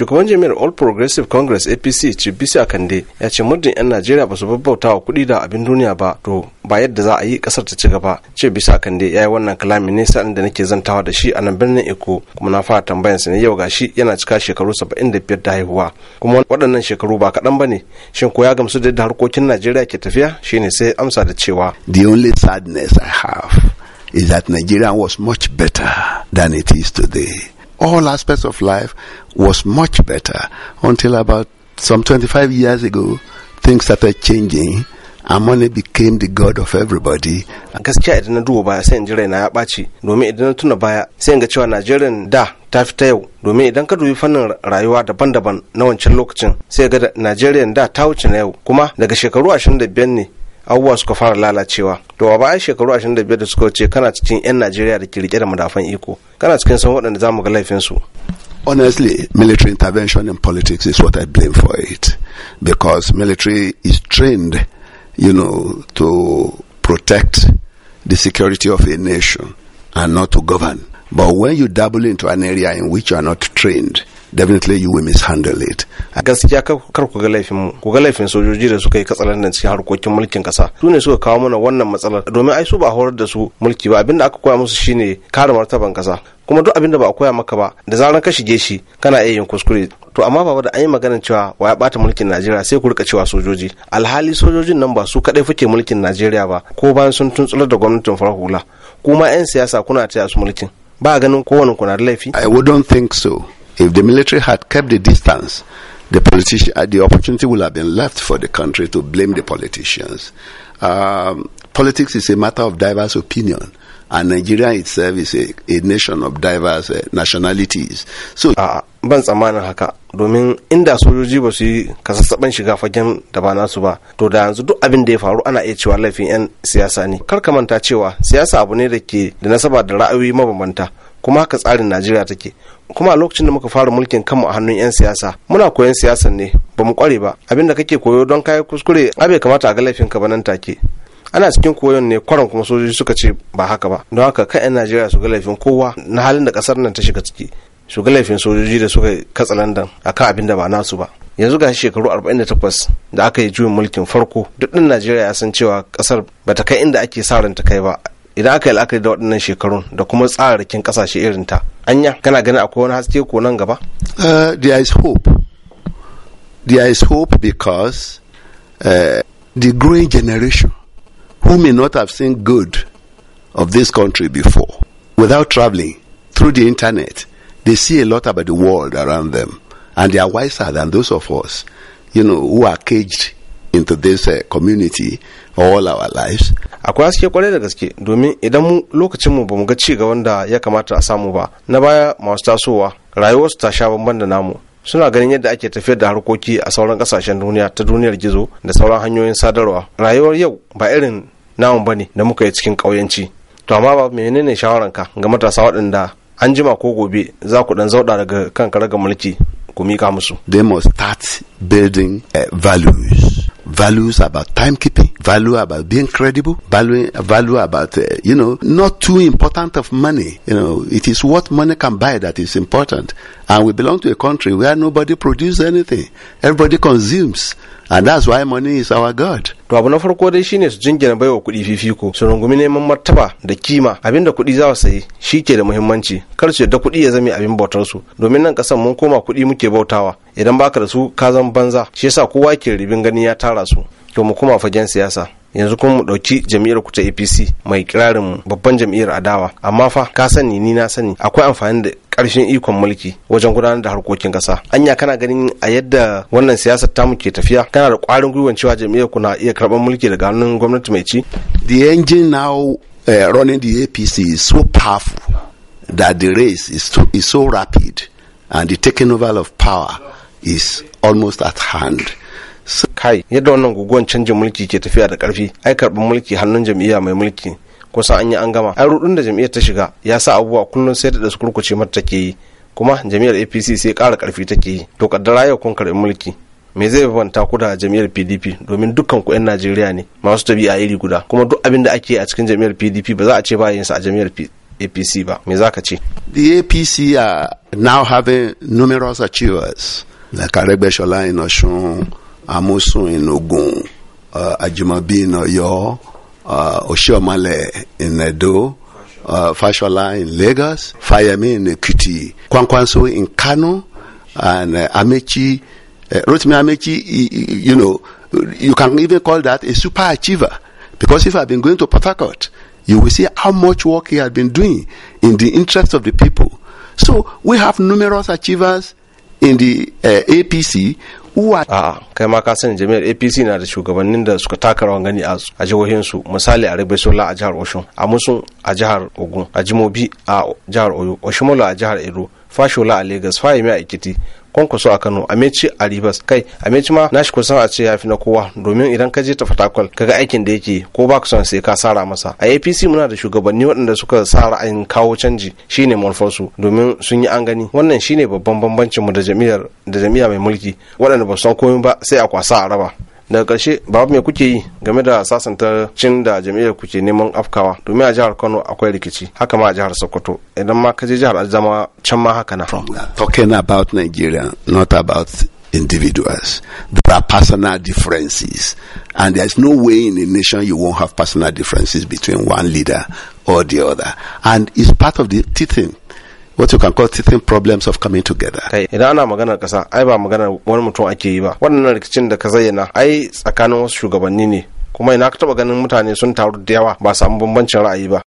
shugaban jami'ar all progressive congress apc cibisi akande ya ce muddin 'yan najeriya ba su babbauta wa kuɗi da abin duniya ba to ba yadda za a yi kasar ta ci gaba ce bisa kande ya yi wannan kalami ne sa'in da nake zantawa da shi a nan birnin eko kuma na fara sa ne yau ga shi yana cika shekaru saba'in da biyar da haihuwa kuma waɗannan shekaru ba kaɗan ba ne shin ko ya gamsu da yadda harkokin najeriya ke tafiya shine sai amsa da cewa the only sadness i have is that nigeria was much better than it is today all aspects of life was much better until about some 25 years ago, things started changing. Amone became the god of everybody. Gaskiya idan na duba baya sai in ji raina ya ɓaci domin idan na tuna baya sai in ga cewa Najeriya da ta fi ta yau domin idan ka dubi fannin rayuwa daban-daban na wancan lokacin sai ga Najeriya da ta wuce na yau kuma daga shekaru 25 ne abubuwa suka fara lalacewa to a bayan shekaru 25 da suka wuce kana cikin 'yan najeriya da ke rike da madafan iko kana cikin san waɗanda za mu ga laifinsu honestly, military intervention in politics is what I blame for it because military is trained, you know, to protect the security of a nation and not to govern. But when you dabble into an area in which you are not trained, definitely you will mishandle it gaskiya kar ku ga laifin mu ku ga laifin sojoji da suka yi katsalandan cikin harkokin mulkin kasa su ne suka kawo mana wannan matsalar domin ai su ba horar da su mulki ba abinda aka koya musu shine kare martaban kasa kuma duk abinda ba a koya maka ba da zaran ka shige shi kana iya yin kuskure to amma baba da an yi maganar cewa wa ya bata mulkin Najeriya sai ku rika cewa sojoji alhali sojojin nan ba su kadai fuke mulkin Najeriya ba ko bayan sun tuntsular da gwamnatin farar hula kuma 'yan siyasa kuna taya su mulkin ba ganin kowane kuna da laifi i wouldn't think so If the military had kept the distance, the politici- uh, the opportunity would have been left for the country to blame the politicians. Um, politics is a matter of diverse opinion, and Nigeria itself is a, a nation of diverse uh, nationalities. So, ban tsammanin haka domin inda sojoji ba su yi kasassaben shiga fagen da ba nasu ba to da yanzu duk abin da ya faru ana iya cewa laifin 'yan siyasa ne kar ka manta cewa siyasa abu ne da ke da nasaba da ra'ayoyi mabambanta kuma haka tsarin najeriya take kuma a lokacin da muka fara mulkin kanmu a hannun 'yan siyasa muna koyon siyasan ne ba mu kware ba abin da kake koyo don kayi kuskure abe kamata a ga laifinka ba nan take ana cikin koyon ne kwaran kuma sojoji suka ce ba haka ba don haka kan 'yan najeriya su ga laifin kowa na halin da kasar nan ta shiga ciki su ga laifin sojoji da suka katsa landan akan abin da ba nasu ba yanzu ga shekaru 48 da aka yi juyin mulkin farko duk ɗin najeriya ya san cewa kasar bata kai inda ake sa ran ta kai ba idan aka yi la'akari da waɗannan shekarun da kuma tsararrakin ƙasashe irin ta anya kana ganin akwai wani haske ko nan gaba uh, there is hope there is hope because uh, the growing generation who may not have seen good of this country before without traveling through the internet they see a lot about the world around them and they are wiser than those of us you know who are caged into this uh, community all our lives akwai haske kwarai da gaske domin idan mu lokacin mu bamu ga ci gaban da ya kamata a samu ba na baya masu tasowa rayuwarsu ta sha bamban da namu suna ganin yadda ake tafiyar da harkoki a sauran kasashen duniya ta duniyar gizo da sauran hanyoyin sadarwa rayuwar yau ba irin namu bane da muka yi cikin ƙauyanci to amma ba menene shawaranka ga matasa waɗanda an jima ko gobe za ku dan zauɗa daga kan karagar mulki ku mika musu they must start building eh, values values about timekeeping, value about being credible, value, value about, uh, you know, not too important of money. You know, it is what money can buy that is important. And we belong to a country where nobody produces anything. Everybody consumes. And that's why money is our God. to abu na farko dai shine su jingina baiwa kuɗi fifiko su rungumi neman martaba da kima abinda kuɗi za su sayi shi ke da muhimmanci kar su yadda kuɗi ya zame abin bautar su domin nan kasan mun koma kuɗi muke bautawa idan baka da su ka zan banza shi yasa kowa ke ribin gani ya tara su to mu koma fagen siyasa yanzu kuma mu ɗauki jam'iyyar ku ta apc mai kirarin babban jam'iyyar adawa amma fa ka sani ni na sani akwai amfani da karfin ikon mulki wajen gudanar da harkokin kasa anya kana ganin a yadda wannan siyasar tamu ke tafiya kana da kwarin gwiwan cewa jam'iyyar ku na iya karɓar mulki daga hannun gwamnati mai ci the engine now uh, running the apc is so powerful that the race is, too, is so rapid and the taking over of power is almost at hand kai yadda wannan guguwan canjin mulki ke tafiya da karfi ai karɓar mulki hannun jam'iyya mai mulki kusan an yi an gama ai rudin da jam'iyyar ta shiga ya sa abubuwa kullum sai da su kurkuce mata take yi kuma jam'iyyar apc sai ƙara karfi take yi to kaddara yau kun karɓi mulki me zai banta ku da jam'iyyar pdp domin dukkan ku 'yan najeriya ne masu tabi'a iri guda kuma duk abin da ake a cikin jam'iyyar pdp ba za a ce ba yin sa a jam'iyyar apc ba me za ka ce the apc are now having numerous achievers like in osun Amusu inogun Ogun, uh, Ajimabi in Oyo, uh, in Edo, uh, Fashola in Lagos, Fayemi in Ekiti, Kwankwanso in Kano, and uh, Amechi, uh, Rotimi Amechi, you know, you can even call that a super achiever. Because if I've been going to Port you will see how much work he had been doing in the interest of the people. So we have numerous achievers in the uh, eh, APC who are a'a kai ma ka sani jami'ar APC na da shugabannin da suka taka rawan gani a jihohin su misali a Rabai Sola a jihar Oshun a Musun a jihar Ogun a Jimobi a jihar Oyo Oshimola a jihar Edo Fashola a Lagos Fahimi a ikiti. kwankwaso a kano ameci a rivers kai ameci ma nashi kusan a ce ya fi na kowa domin idan ka je ta fatakwal kaga aikin da yake ko ba son sai ka sara masa a apc muna da shugabanni waɗanda suka sa ra'ayin kawo canji shine manufarsu domin sun yi an gani wannan shine babban bambancin mu da jami'ar da jami'a mai mulki waɗanda ba su san komai ba sai a kwasa a raba daga ƙarshe babu me kuke yi game da sasanta cin da jam'iyyar kuke neman afkawa domin a jihar kano akwai rikici haka ma a jihar sokoto idan ma ka je jihar adamawa can ma haka na. talking about nigeria not about individuals. There are personal differences. And there's no way in a nation you won't have personal differences between one leader or the other. And it's part of the thing. what you can call teething problems of coming together. Kai idan ana maganar kasa ai ba maganar wani mutum ake yi ba. Wannan rikicin da ka zayyana ai tsakanin wasu shugabanni ne kuma ina ka taba ganin mutane sun taru da yawa ba samu bambancin ra'ayi ba